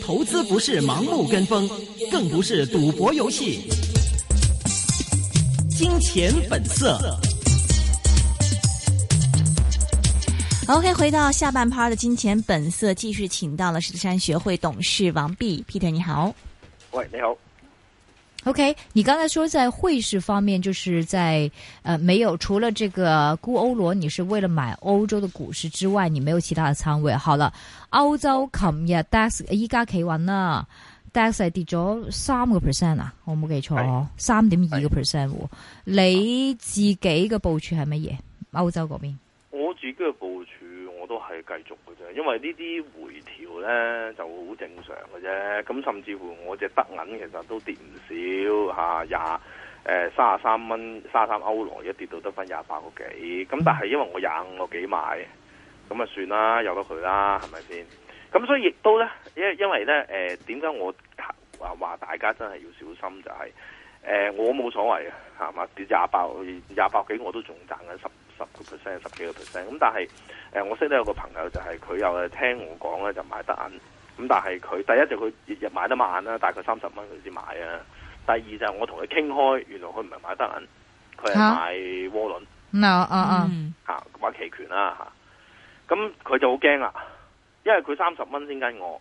投資不是盲目跟風，更不是賭博遊戲。金錢本色。OK，回到下半 part 的金錢本色，繼續請到了獅子山學會董事王弼，Peter，你好。喂，你好。OK，你剛才說在匯市方面，就是在，呃，沒有，除了這個沽歐羅，你是為了買歐洲的股市之外，你沒有其他嘅倉位。好啦，歐洲琴日 DAX 依家企穩啦，DAX 係跌咗三個 percent 啊，我冇記錯，哦，三點二個 percent。你自己嘅部署係乜嘢？歐洲嗰邊？我自己。係繼續嘅啫，因為呢啲回調咧就好正常嘅啫。咁甚至乎我隻德銀其實都跌唔少嚇，廿誒卅啊三蚊，卅啊三歐羅，一跌到得翻廿八個幾。咁但係因為我廿五個幾買，咁啊算啦，有得佢啦，係咪先？咁所以亦都咧，因因為咧誒點解我話話大家真係要小心就係、是、誒、呃、我冇所謂嘅係嘛，跌廿八廿八幾我都仲賺緊十。十個 percent 十幾個 percent，咁但係誒、呃，我識得有個朋友就係佢又聽我講咧就買得銀，咁但係佢第一就佢日日買得慢啦，大概三十蚊佢先買啊。第二就係我同佢傾開，原來佢唔係買得銀，佢係買渦輪，嗱啊、嗯 no, uh, uh, 嗯、啊吓買期權啦、啊、吓。咁、啊、佢、嗯、就好驚啦，因為佢三十蚊先跟我，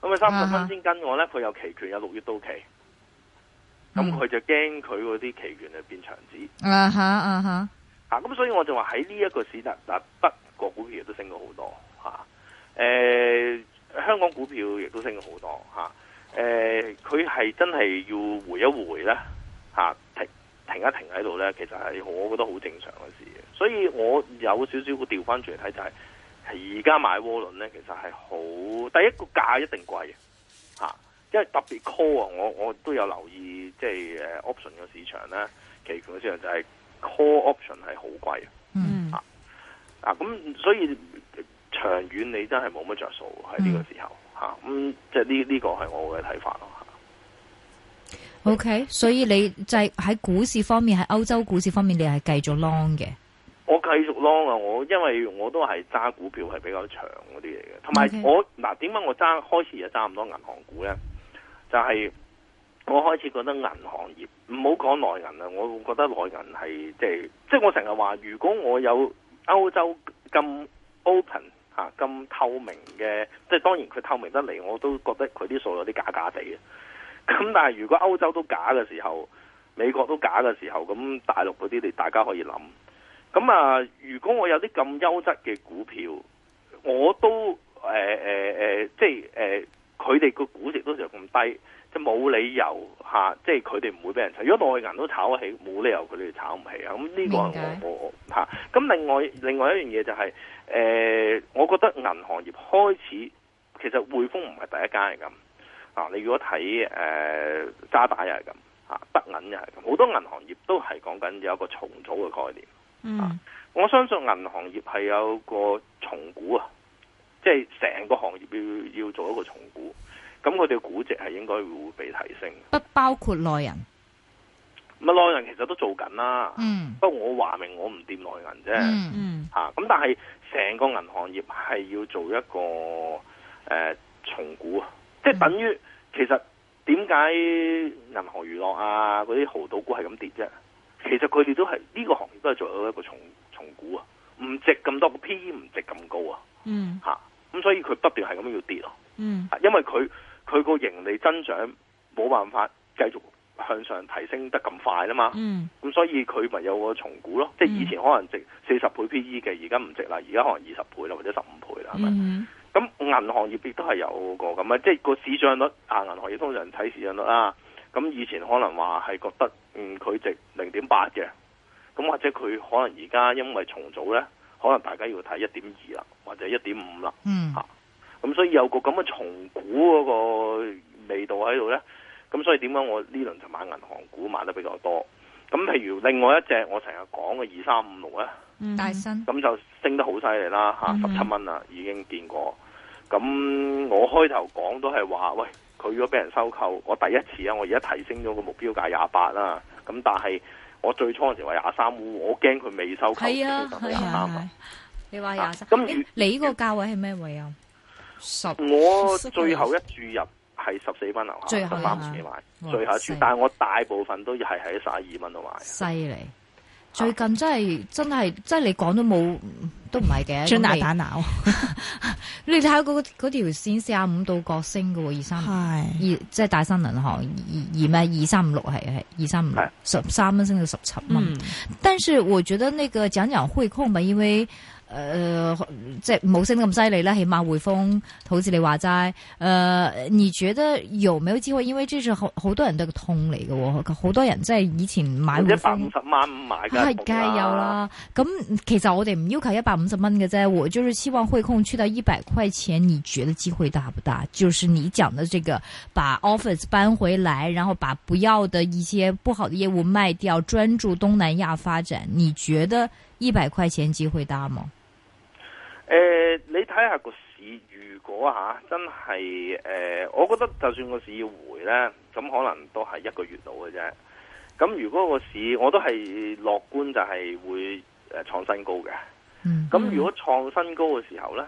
咁佢三十蚊先跟我咧，佢有期權有六月到期，咁、嗯、佢、嗯嗯、就驚佢嗰啲期權啊變長子啊吓啊吓。Uh, uh, uh, uh, 咁、啊、所以我就話喺呢一個市集，嗱，德國股票亦都升咗好多，吓、啊，誒、呃，香港股票亦都升咗好多，吓、啊，誒、呃，佢係真係要回一回咧，吓、啊，停停一停喺度咧，其實係我覺得好正常嘅事的，所以我有少少會調翻轉嚟睇就係、是，而家買窩輪咧，其實係好，第一個價一定貴，吓、啊，因為特別 call 啊，我我都有留意，即係誒 option 嘅市場咧，期權嘅市場就係、是。Call option 係好貴啊！啊啊咁，所以長遠你真係冇乜着數喺呢個時候吓，咁即係呢呢個係我嘅睇法咯、啊。OK，所以你就係喺股市方面，喺歐洲股市方面，你係繼續 long 嘅？我繼續 long 啊！我因為我都係揸股票係比較長嗰啲嘢嘅，同埋我嗱點解我揸開始就揸唔多銀行股咧？就係、是、我開始覺得銀行業。唔好講內銀啊！我覺得內銀係即係即係我成日話，如果我有歐洲咁 open 嚇、啊、咁透明嘅，即係當然佢透明得嚟，我都覺得佢啲數有啲假假地嘅。咁但係如果歐洲都假嘅時候，美國都假嘅時候，咁大陸嗰啲你大家可以諗。咁啊，如果我有啲咁優質嘅股票，我都誒誒誒，即係誒。呃佢哋個估值都就咁低，即冇理由嚇，即係佢哋唔會俾人炒。如果內銀都炒得起，冇理由佢哋炒唔起這啊！咁呢個嚇。咁另外另外一樣嘢就係、是，誒、呃，我覺得銀行業開始其實匯豐唔係第一間係咁啊。你如果睇誒渣打又係咁嚇，德銀又係咁，好多銀行業都係講緊有一個重組嘅概念、啊。嗯，我相信銀行業係有個重估。啊。即係成個行業要要做一個重估，咁佢哋估值係應該會被提升。不包括內銀咁啊，內銀其實都做緊啦。嗯，不過我話明我唔掂內銀啫。嗯吓咁、嗯啊，但係成個銀行業係要做一個誒、呃、重估，即係等於其實點解銀河娛樂啊嗰啲濠賭股係咁跌啫？其實佢哋、啊、都係呢、這個行業都係做到一個重重估啊，唔值咁多個 PE，唔值咁高啊。嗯，吓、啊。咁所以佢不斷係咁樣要跌咯、嗯，因為佢佢個盈利增長冇辦法繼續向上提升得咁快吖嘛。咁、嗯、所以佢咪有個重估咯，即、嗯、係、就是、以前可能值四十倍 P E 嘅，而家唔值啦，而家可能二十倍啦或者十五倍啦。係咪咁、嗯、銀行業亦都係有個咁啊，即、就、係、是、個市賬率啊，銀行業通常睇市賬率啦。咁以前可能話係覺得嗯佢值零點八嘅，咁或者佢可能而家因為重組咧。可能大家要睇一點二啦，或者一點五啦，嚇、嗯、咁、啊、所以有個咁嘅重估嗰個味道喺度咧，咁所以點解我呢輪就買銀行股買得比較多？咁譬如另外一隻我成日講嘅二三五六啊，大新咁就升得好犀利啦嚇，十七蚊啦已經見過。咁我開頭講都係話，喂，佢如果俾人收購，我第一次啊，我而家提升咗個目標價廿八啦。咁但係，我最初嗰時話廿三蚊，我驚佢未收夠，跌到廿三啊！你話廿三，咁你呢個價位係咩位啊？十，我最後一注入係十四蚊樓下，十三錢買，最後一注，但係我大部分都係喺十二蚊度買。犀利！最近真係、oh. 真係真係你講都冇都唔係嘅，將蛋打鬧。 你睇下嗰條線四十五度角升嘅喎，二三二即係大新銀行二二咩二三五六係係二三五十三蚊升到十七蚊、嗯。但是我覺得那個講講匯控嘛，因為。呃，即係冇升咁犀利啦，起碼匯豐，好似你話齋、呃。你覺得有冇機會？因為這是好好多人嘅通嚟嘅，好多人即係以前買一百五十蚊唔買。係、啊，梗係有啦。咁、啊啊、其實我哋唔要求一百五十蚊嘅啫，我就是希望匯控去到一百塊錢。你覺得機會大不大？就是你講的這個，把 Office 搬回來，然後把不要的一些不好的業務賣掉，專注東南亞發展。你覺得一百塊錢機會大嗎？誒、呃，你睇下個市，如果吓、啊、真係誒、呃，我覺得就算個市要回呢，咁可能都係一個月到嘅啫。咁如果個市，我都係樂觀，就係會誒創新高嘅。咁、嗯、如果創新高嘅時候呢，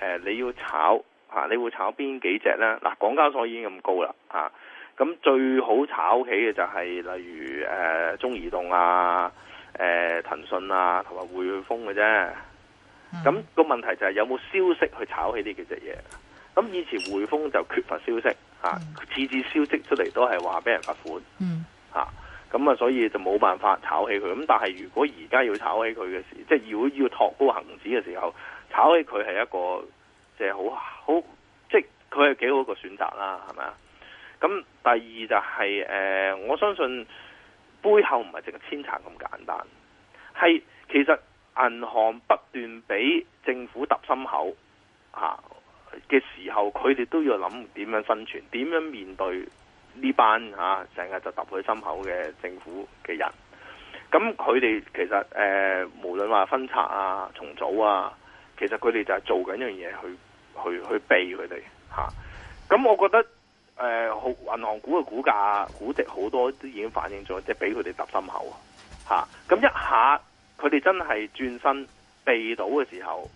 誒、呃、你要炒吓、啊，你會炒邊幾隻呢？嗱、啊，港交所已經咁高啦，吓、啊、咁、啊、最好炒起嘅就係、是、例如誒、呃、中移動啊、誒騰訊啊，同埋匯豐嘅啫。咁個問題就係有冇消息去炒起呢幾隻嘢？咁以前匯豐就缺乏消息次、嗯、次消息出嚟都係話俾人罰款，嚇、嗯、咁啊，所以就冇辦法炒起佢。咁但係如果而家要炒起佢嘅時，即係如果要托高恆指嘅時候，炒起佢係一個即係、就是就是、好好，即係佢係幾好一個選擇啦，係咪啊？咁第二就係、是呃、我相信背後唔係淨係牽扯咁簡單，係其實。銀行不斷俾政府揼心口啊嘅時候，佢哋都要諗點樣生存，點樣面對呢班啊，成日就揼佢心口嘅政府嘅人。咁佢哋其實誒、呃，無論話分拆啊、重組啊，其實佢哋就係做緊一樣嘢，去去去避佢哋吓。咁、啊、我覺得誒，好、呃、銀行股嘅股價、估值，好多都已經反映咗，即係俾佢哋揼心口吓。咁、啊、一下。佢哋真係轉身避到嘅時候，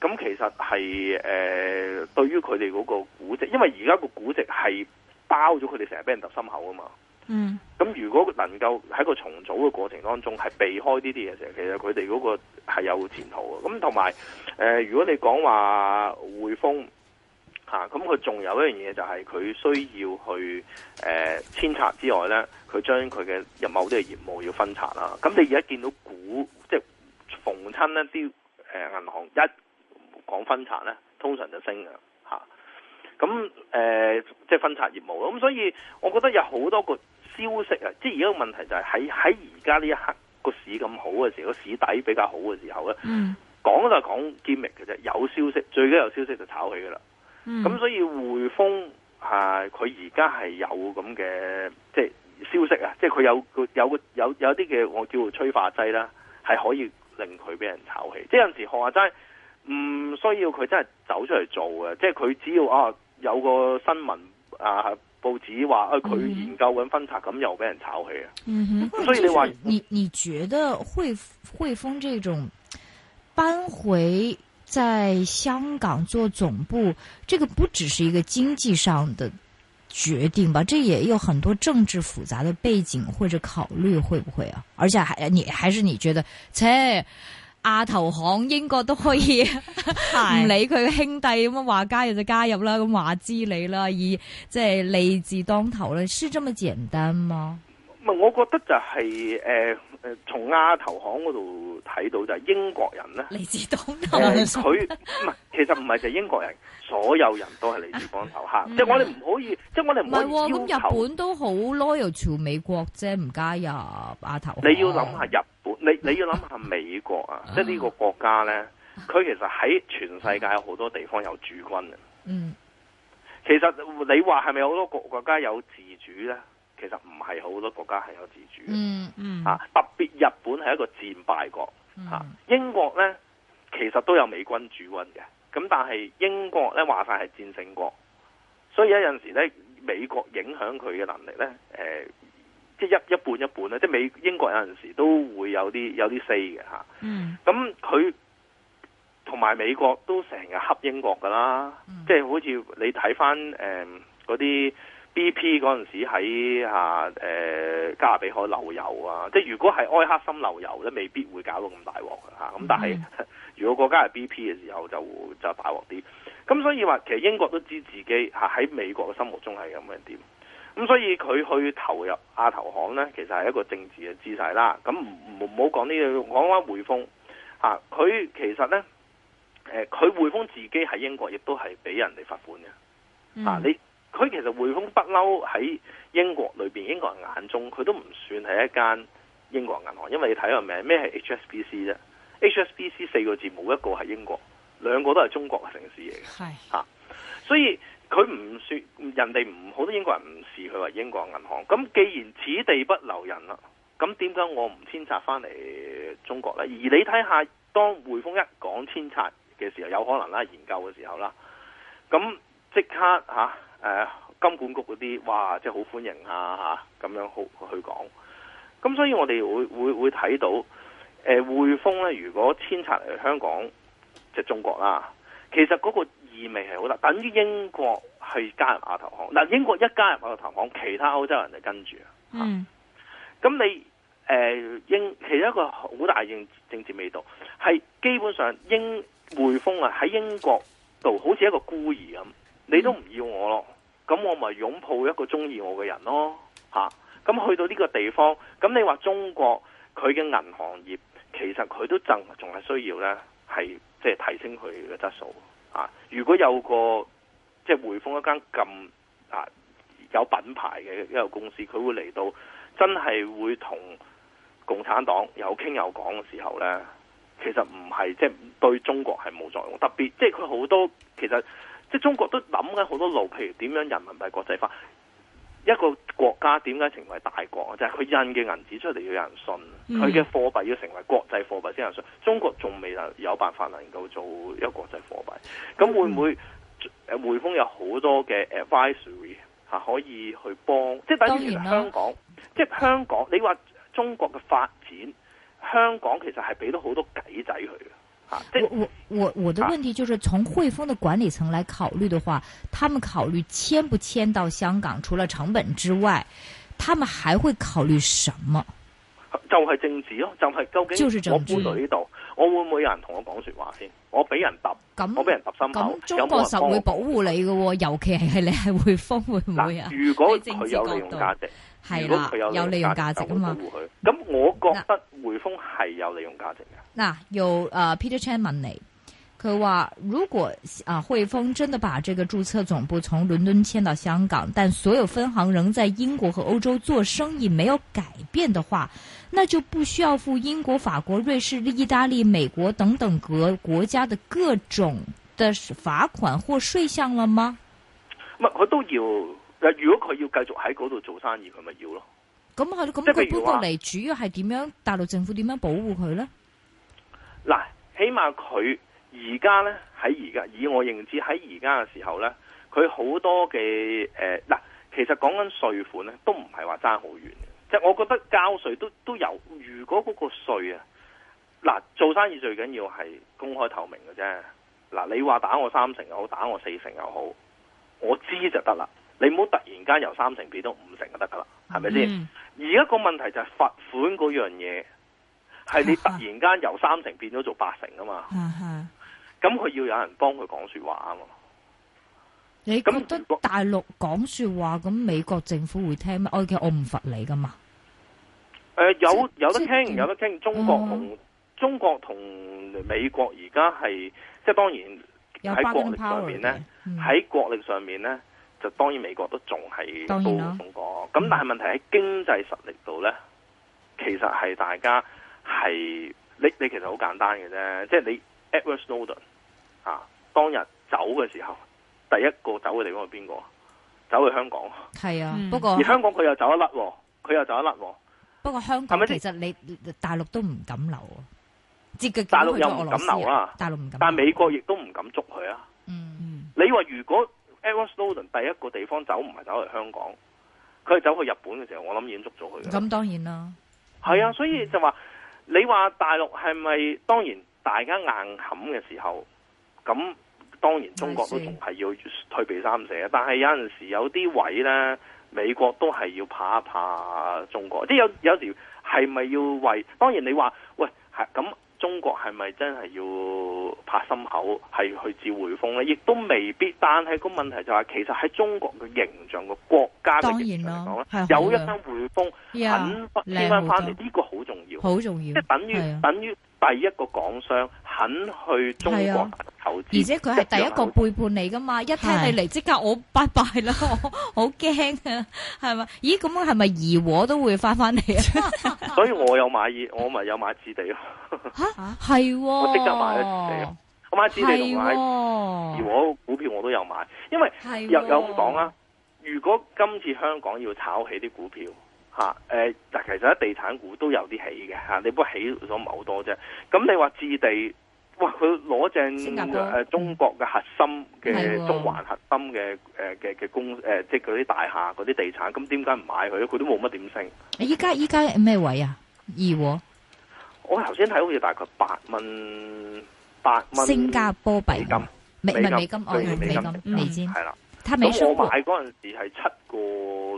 咁其實係誒、呃、對於佢哋嗰個估值，因為而家個估值係包咗佢哋成日俾人揼心口啊嘛。嗯，咁如果能夠喺個重組嘅過程當中係避開呢啲嘢嘅時候，其實佢哋嗰個係有前途嘅。咁同埋誒，如果你講話匯豐。啊，咁佢仲有一樣嘢就係佢需要去誒遷拆之外咧，佢將佢嘅入某啲嘅業務要分拆啦。咁你而家見到股即係逢親呢啲誒銀行一講分拆咧，通常就升噶吓。咁、啊、誒、呃、即係分拆業務，咁所以我覺得有好多個消息啊。即係而家個問題就係喺喺而家呢一刻個市咁好嘅時候，市底比較好嘅時候咧，嗯，講就係講 gimmick 嘅啫。有消息，最緊要消息就炒起噶啦。咁、嗯、所以匯豐啊，佢而家係有咁嘅即係消息啊，即係佢有個有個有有啲嘅我叫做催化劑啦，係可以令佢俾人炒起。即係有時學話齋唔需要佢真係走出嚟做嘅啊，即係佢只要啊有個新聞啊報紙話啊佢研究緊分拆，咁又俾人炒起啊、嗯。所以你話你你覺得匯匯豐這種扳回？在香港做總部，這個不只是一個經濟上的決定吧？這也有很多政治複雜的背景或者考慮，會不會啊？而且還你還是你覺得，切，亞、啊、投行英國都可以，唔 理佢兄弟咁啊，話加入就加入啦，咁話知你啦，以即係利字當頭咧，是這麼簡單嗎？唔係，我覺得就係、是、誒。呃誒，從亞投行嗰度睇到就係英國人咧，嚟自當頭。佢唔係，其實唔係就係英國人， 所有人都係嚟自幫頭客。 即係我哋唔可以， 即係我哋唔可以要求。咁日本都好 loyal 朝美國啫，唔加入亞投行。你要諗下日本，你你要諗下美國啊， 即係呢個國家咧，佢其實喺全世界有好多地方有駐軍啊。 嗯，其實你話係咪有好多國國家有自主咧？其實唔係好多國家係有自主嘅，嗯嗯，特別日本係一個戰敗國，吓、嗯、英國咧其實都有美軍駐軍嘅，咁但係英國咧話晒係戰勝國，所以有陣時咧美國影響佢嘅能力咧，誒、呃，即係一一半一半咧，即係美英國有陣時都會有啲有啲 say 嘅吓，咁佢同埋美國都成日恰英國噶啦。即、嗯、係、就是、好似你睇翻誒嗰啲。呃 B.P. 嗰陣時喺吓誒加勒比海漏油啊！即係如果係埃克森漏油咧，未必會搞到咁大鑊嘅吓。咁、啊、但係、mm. 如果國家係 B.P. 嘅時候就會就大鑊啲。咁所以話其實英國都知自己吓喺美國嘅心目中係咁樣點。咁所以佢去投入亞、啊、投行咧，其實係一個政治嘅姿勢啦。咁唔唔好講呢樣，講翻匯豐吓，佢、啊、其實咧誒，佢匯豐自己喺英國亦都係俾人哋罰款嘅、mm. 啊。你。佢其實匯豐不嬲喺英國裏面，英國人眼中佢都唔算係一間英國銀行，因為你睇個名咩係 HSBC 啫，HSBC 四個字冇一個係英國，兩個都係中國嘅城市嚟，嘅、係吓、啊，所以佢唔算人哋，唔好多英國人唔視佢為英國銀行。咁既然此地不留人啦，咁點解我唔遷冊翻嚟中國呢？而你睇下，當匯豐一講遷冊嘅時候，有可能啦，研究嘅時候啦，咁即刻、啊誒、啊、金管局嗰啲，哇！即係好歡迎啊嚇，咁、啊、樣好去講。咁所以我哋會會會睇到，誒、呃、匯豐咧，如果遷冊嚟香港，即、就、係、是、中國啦。其實嗰個意味係好大，等於英國係加入亞投行。嗱、啊，英國一加入亞投行，其他歐洲人就跟住啊。嗯那。咁你誒英，其實一個好大政政治味道，係基本上英匯豐啊喺英國度好似一個孤兒咁，你都唔要我咯。嗯嗯。咁我咪擁抱一個中意我嘅人咯，嚇、啊！咁去到呢個地方，咁你話中國佢嘅銀行業其實佢都增，仲係需要呢，係即係提升佢嘅質素啊！如果有個即係、就是、匯豐一間咁啊有品牌嘅一個公司，佢會嚟到真係會同共產黨有傾有講嘅時候呢，其實唔係即係對中國係冇作用，特別即係佢好多其實。即、就、係、是、中國都諗緊好多路，譬如點樣人民幣國際化，一個國家點解成為大國？就係、是、佢印嘅銀紙出嚟要有人信，佢、嗯、嘅貨幣要成為國際貨幣先有人信。中國仲未能有辦法能夠做一個國際貨幣，咁會唔會誒、嗯啊、匯豐有好多嘅誒 advisory 嚇、啊、可以去幫，即、就、係、是、等於其實香港，即係、就是、香港。你話中國嘅發展，香港其實係俾到好多計仔佢嘅。我我我我的問題就是從匯豐的管理層來考慮的話，他們考慮遷不遷到香港，除了成本之外，他們還會考慮什麼？就係、是、政治咯，就係、是、究竟我住喺呢度，我會唔會有人同我講說話先？我俾人揼，我俾人揼心口，有冇人抗？中國實會保護你噶，尤其係你係匯豐，會唔會啊？如果佢有利用價值。係啦，有利用價值啊嘛。咁我覺得匯豐係有利用價值嘅。嗱，有啊、呃、Peter Chan 問你，佢話如果啊匯豐真的把這個註冊總部從倫敦遷到香港，但所有分行仍在英國和歐洲做生意，沒有改變的話，那就不需要付英國、法國、瑞士、意大利、美國等等各國家的各種的罰款或稅項了嗎？乜佢都要。嗱，如果佢要繼續喺嗰度做生意，佢咪要咯？咁係咯，咁佢搬過嚟，主要係點樣？大陸政府點樣保護佢咧？嗱，起碼佢而家咧，喺而家，以我認知喺而家嘅時候咧，佢好多嘅誒，嗱、呃，其實講緊稅款咧，都唔係話爭好遠嘅。即係我覺得交稅都都有。如果嗰個稅啊，嗱，做生意最緊要係公開透明嘅啫。嗱，你話打我三成又好，打我四成又好，我知就得啦。你唔好突然間由三成變到五成就得噶啦，係咪先？而家個問題就係罰款嗰樣嘢，係你突然間由三成變咗做八成啊嘛。咁、嗯、佢要有人幫佢講說話啊嘛。你覺得大陸講說話，咁美國政府會聽咩？Okay, 我嘅我唔罰你噶嘛。誒、呃，有有得聽，有得聽。中國同、嗯、中國同美國而家係，即係當然喺國力上面咧，喺國力上面咧。嗯就當然美國都仲係都中國咁、啊，但係問題喺經濟實力度咧，其實係大家係你你其實好簡單嘅啫，即係你 Edward Snowden 啊，當日走嘅時候，第一個走嘅地方係邊個？走去香港。係啊，不、嗯、過而香港佢又走一粒喎，佢又走一粒喎。不過香港其實你大陸都唔敢留，啊，大陸又唔敢留啦。大陸唔敢，但係美國亦都唔敢捉佢啊。嗯，你話如果？Edward Snowden 第一個地方走，唔係走嚟香港，佢係走去日本嘅時候，我諗已經捉咗佢。咁當然啦，係啊，所以就話、嗯、你話大陸係咪當然大家硬冚嘅時候，咁當然中國都仲係要退避三舍啊。但係有陣時有啲位呢，美國都係要怕一怕中國，即有有時係咪要為？當然你話喂，係咁。中國係咪真係要拍心口係去接匯豐咧？亦都未必，但係個問題就係、是、其實喺中國嘅形象個國家嘅形象嚟講咧，有一間匯豐肯接翻翻嚟，呢、這個好重要，即係、就是、等於等於第一個港商。去中國投資，是啊、而且佢係第一個背叛你噶嘛、啊？一聽你嚟，即刻我拜拜咯，我好驚啊，係咪？咦，咁樣係咪怡和都會翻翻嚟啊？ 所以我有買怡，我咪有買置地咯。嚇、啊、係、 啊，我即刻買置地、啊，我買置地同買怡和股票，我都有買，因為又有咁講啊，啊。如果今次香港要炒起啲股票，嚇、啊、誒，但、呃、其實啲地產股都有啲起嘅嚇、啊，你不過起咗唔係好多啫。咁你話置地？哇！佢攞正誒中國嘅核心嘅中環核心嘅誒嘅嘅公誒，即係嗰啲大廈嗰啲地產，咁點解唔買佢咧？佢都冇乜點升，依家依家咩位啊？二和我頭先睇好似大概八蚊、八蚊新加坡幣金。唔係美金哦，係美金美金？係啦，睇美商。嗯嗯、我買嗰時係七個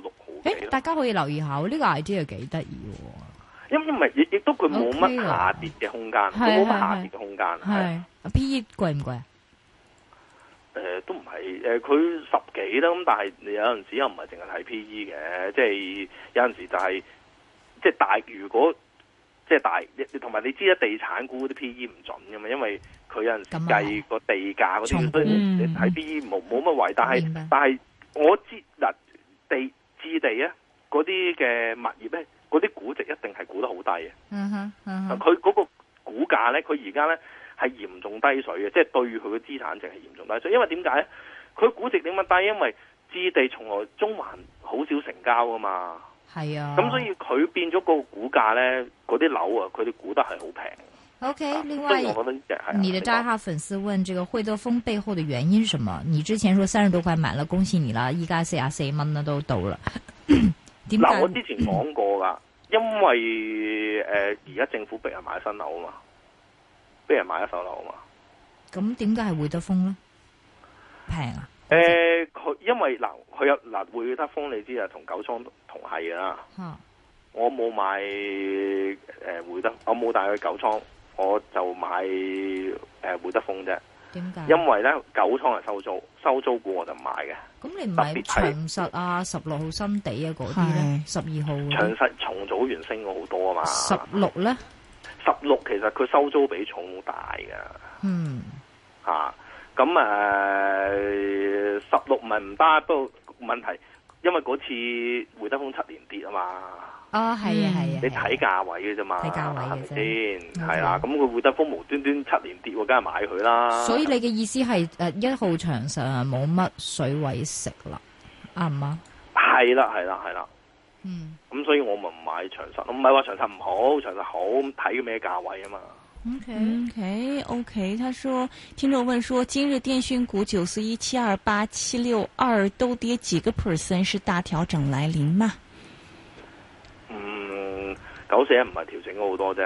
六毫幾。大家可以留意下，呢個 idea 幾得意喎！因因為亦亦都佢冇乜下跌嘅空間，冇、okay. 乜下跌嘅空間。係 P E 貴唔貴啊？誒、呃，都唔係，誒、呃，佢十幾啦。咁但係你有陣時又唔係淨係睇 P E 嘅，即、就、係、是、有陣時就係即係大。如果即係大，同埋你知啦，地產股啲 P E 唔準噶嘛，因為佢有陣時計個地價嗰啲，所以你睇 P E 冇冇乜位。但係但係我知嗱地置地啊，嗰啲嘅物業咧。嗰啲估值一定係估得好低嘅，嗯哼，佢嗰個股價咧，佢而家咧係嚴重低水嘅，即、就、係、是、對佢嘅資產值係嚴重低水。因為點解？佢估值點乜低？但因為置地，地從來中環好少成交噶嘛，係、uh、啊 -huh. 嗯，咁所以佢變咗個股價咧，嗰啲樓啊，佢哋估得係好平。OK，啊、另外，我覺得啊、你的渣哈粉絲問這個會德豐背後的原因是什麼？你之前說三十多塊買了，恭喜你啦！而家四十四蚊，乜都到了。 嗱，我之前講過㗎，因為誒而家政府逼人買新樓啊嘛，逼人買一手樓啊嘛。咁點解係會德豐咧？平啊？誒、呃，佢因為嗱，佢有嗱會德豐你知啊，同九倉同係啊。哦、呃。我冇買誒會德，我冇帶去九倉，我就買誒會德豐啫。點解？因為咧九倉係收租，收租股我就唔買嘅。咁你唔係長實啊，十六號新地啊嗰啲咧，十二號長實重組完升咗好多啊嘛，十六咧，十六其實佢收租比重大㗎。嗯吓，咁誒十六咪唔得，不過問題因為嗰次會德豐七年跌啊嘛。哦，係啊，係、嗯、啊，你睇價位嘅啫嘛，睇價位係咪先？係啦，咁佢滙豐無端端七年跌，梗係買佢啦。所以你嘅意思係誒一號長實啊，冇乜水位食啦，啱唔啱？係啦、啊，係啦，係啦。嗯，咁、啊、所以我咪唔買長實，唔係話長實唔好，長實好，睇咩價位啊嘛。OK，OK，OK、okay, okay, okay,。他說，聽眾問說，今日電訊股九四一七二八七六二都跌幾個 percent，是大調整來臨嘛？九四一唔係調整咗好多啫，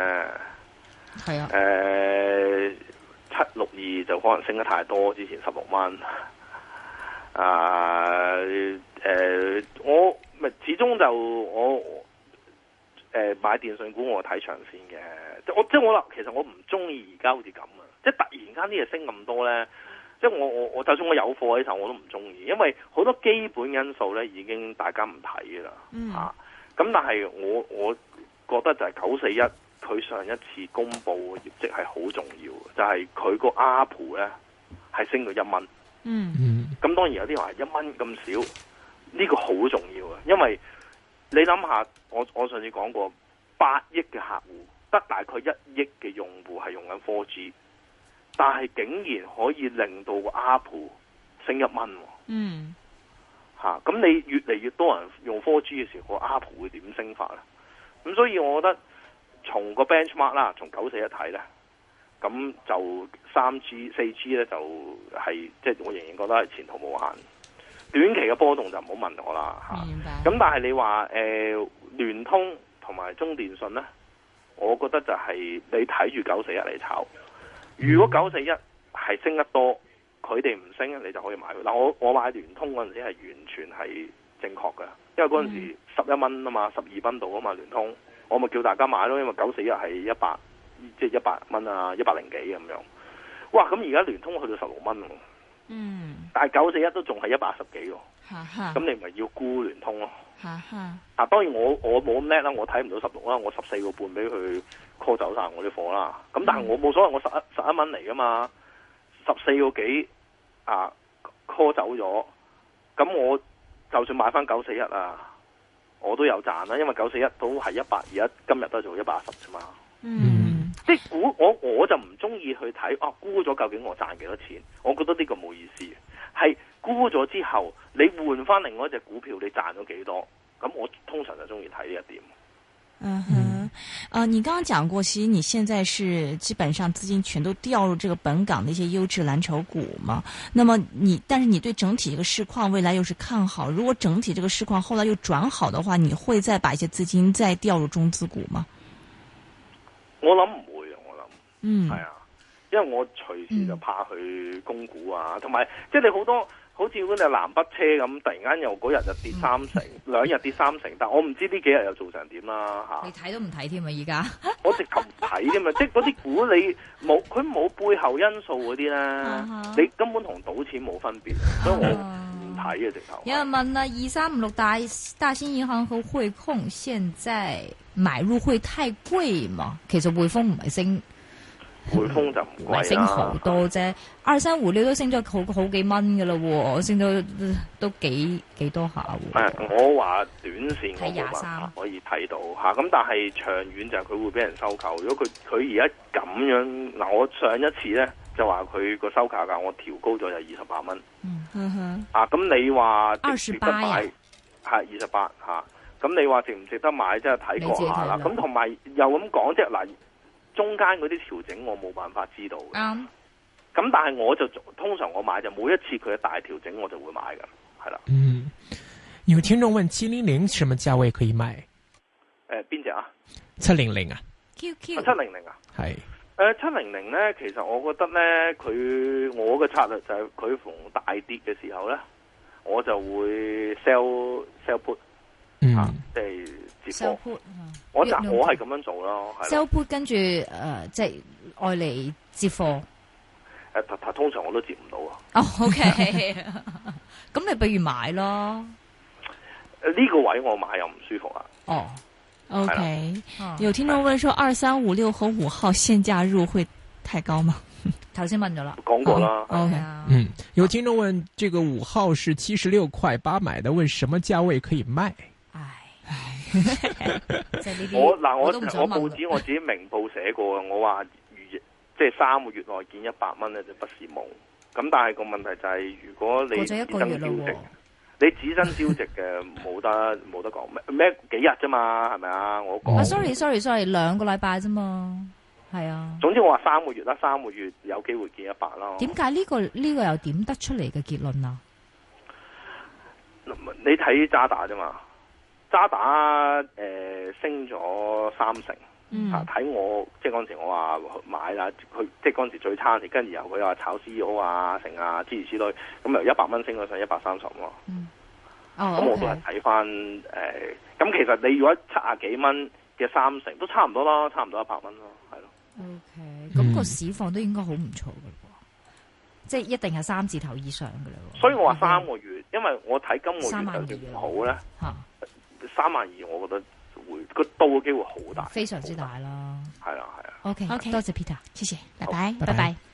係啊，誒七六二就可能升得太多，之前十六蚊，啊、呃、誒、呃，我咪始終就我誒、呃、買電訊股我看的，我睇長線嘅，就我即我話其實我唔中意而家好似咁啊，即係突然間啲嘢升咁多咧，即係我我我就算我有貨喺時候，我都唔中意，因為好多基本因素咧已經大家唔睇啦，嗯咁、啊、但係我我。我覺得就係九四一，佢上一次公布嘅業績係好重要嘅，就係佢個 ARPU 咧係升到一蚊。嗯嗯。咁當然有啲話一蚊咁少，呢、呢個好重要嘅，因為你諗下，我我上次講過八億嘅客戶，得大概一億嘅用戶係用緊 5G，但係竟然可以令到 ARPU 升一蚊。嗯。嚇、啊！咁你越嚟越多人用 5G 嘅時候，個 ARPU 會點升法咧？咁、嗯、所以，我覺得從個 benchmark 啦，從九四一睇咧，咁就三 G、四 G 咧就係即係，就是、我仍然覺得係前途無限。短期嘅波動就唔好問我啦嚇。咁、嗯、但係你話誒、呃、聯通同埋中電信咧，我覺得就係、是、你睇住九四一嚟炒。如果九四一係升得多，佢哋唔升，你就可以買。嗱，我我買聯通嗰陣時係完全係正確嘅。因為嗰陣時十一蚊啊嘛，十二蚊度啊嘛，聯通，我咪叫大家買咯，因為九四一係一百，即係一百蚊啊，一百零幾咁樣。哇，咁而家聯通去到十六蚊喎，嗯，但係九四一都仲係一百十幾喎，咁你咪要沽聯通咯，吓，當然我我冇咁叻啦，我睇唔到十六啦，我十四個半俾佢 call 走晒我啲貨啦。咁但係我冇所謂，我十一十一蚊嚟噶嘛，十四個幾啊 call 走咗，咁我。就算買翻九四一啊，1, 我都有賺啦，因為九四一都係一百二一，今日都係做一百二十啫嘛。嗯，即係沽我我就唔中意去睇啊，沽咗究竟我賺幾多錢？我覺得呢個冇意思，係沽咗之後你換翻另外一隻股票，你賺咗幾多？咁我通常就中意睇呢一點。嗯哼。嗯呃、你剛剛講過，其實你現在是基本上資金全都掉入這個本港的一些優質藍籌股嘛？那麼你，但是你對整體一個市況未來又是看好？如果整體這個市況後來又轉好的話，你會再把一些資金再調入中資股嗎？我諗唔會啊，我諗，嗯，係啊，因為我隨時就怕去供股啊，同埋即係你好多。好似嗰隻南北車咁，突然間又嗰日就跌三成，嗯、兩日跌三成，但我唔知呢幾日又做成點啦。你睇都唔睇添啊？而家 我直頭唔睇啫嘛， 即係嗰啲股你冇，佢冇背後因素嗰啲啦，uh -huh. 你根本同賭錢冇分別，所以我唔睇啊，直頭有人問啦，二三五六大，大新銀行和匯控現在買入會太貴嘛？其實匯豐唔係升。匯豐就唔貴、嗯、升好多啫，二三山狐都升咗好好幾蚊㗎咯喎，升到都幾幾多下喎、啊啊。我話短線嘅話可以睇到咁、啊、但係長遠就係佢會俾人收購。如果佢佢而家咁樣嗱、啊，我上一次咧就話佢個收購價我調高咗就二十八蚊。嗯哼。啊，咁、啊啊啊啊、你話值唔值得買？二十八，咁你話值唔值得買？即係睇過下啦。咁同埋又咁講啫，嗱、啊。中間嗰啲調整我冇辦法知道嘅，咁、um, 但係我就通常我買就每一次佢嘅大調整我就會買嘅，係啦。嗯。有聽眾問七零零什麼價位可以買？誒邊隻啊？七零零啊？QQ 啊七零零啊？係。誒、呃、七零零咧，其實我覺得咧，佢我嘅策略就係佢逢大跌嘅時候咧，我就會 sell sell put，嗯，即、啊、係。就是接貨，我就我係咁樣做咯。周播跟住誒、呃，即係外嚟接貨。誒、呃，通常我都接唔到啊。哦、oh,，OK，咁咪不如買咯。誒、嗯，呢、這個位置我買又唔舒服啊。哦、oh,，OK，、uh, 有聽眾問說二三五六和五號限價入會太高嗎？頭 先問咗啦。講過啦。Oh, OK，嗯，有聽眾問，這個五號是七十六塊八買的，問什麼價位可以賣？我 嗱，我我，我，我報紙我自己明報寫過嘅，我話即係三個月內見一百蚊咧就不是夢。咁但係個問題就係、是，如果你指身招值，你指身招值嘅冇得冇得講，咩幾日啫嘛？係咪啊？我講。啊，sorry，sorry，sorry，兩個禮拜啫嘛，係啊。總之我話三個月啦，三個月有機會見一百啦。點解呢個呢、這個又點得出嚟嘅結論啊？你睇渣打啫嘛。渣打誒、呃、升咗三成，嗯、啊睇，我即係嗰陣時我話買啦，佢即係嗰陣時最差，跟住然後佢話炒 CEO 啊、成啊諸如此類，咁由一百蚊升到上一百三十，咁我都係睇翻誒，咁、呃、其實你如果七啊幾蚊嘅三成都差唔多啦，差唔多一百蚊咯，係咯。O K，咁個市況都應該好唔錯嘅，即係一定係三字頭以上嘅啦。所以我話三個月，okay. 因為我睇今個月更加勁好咧吓。三萬二，我覺得會個到嘅機會好大，非常之大咯。係啊，係啊。O K，O K，多謝 Peter，謝謝，拜拜，拜拜。Bye bye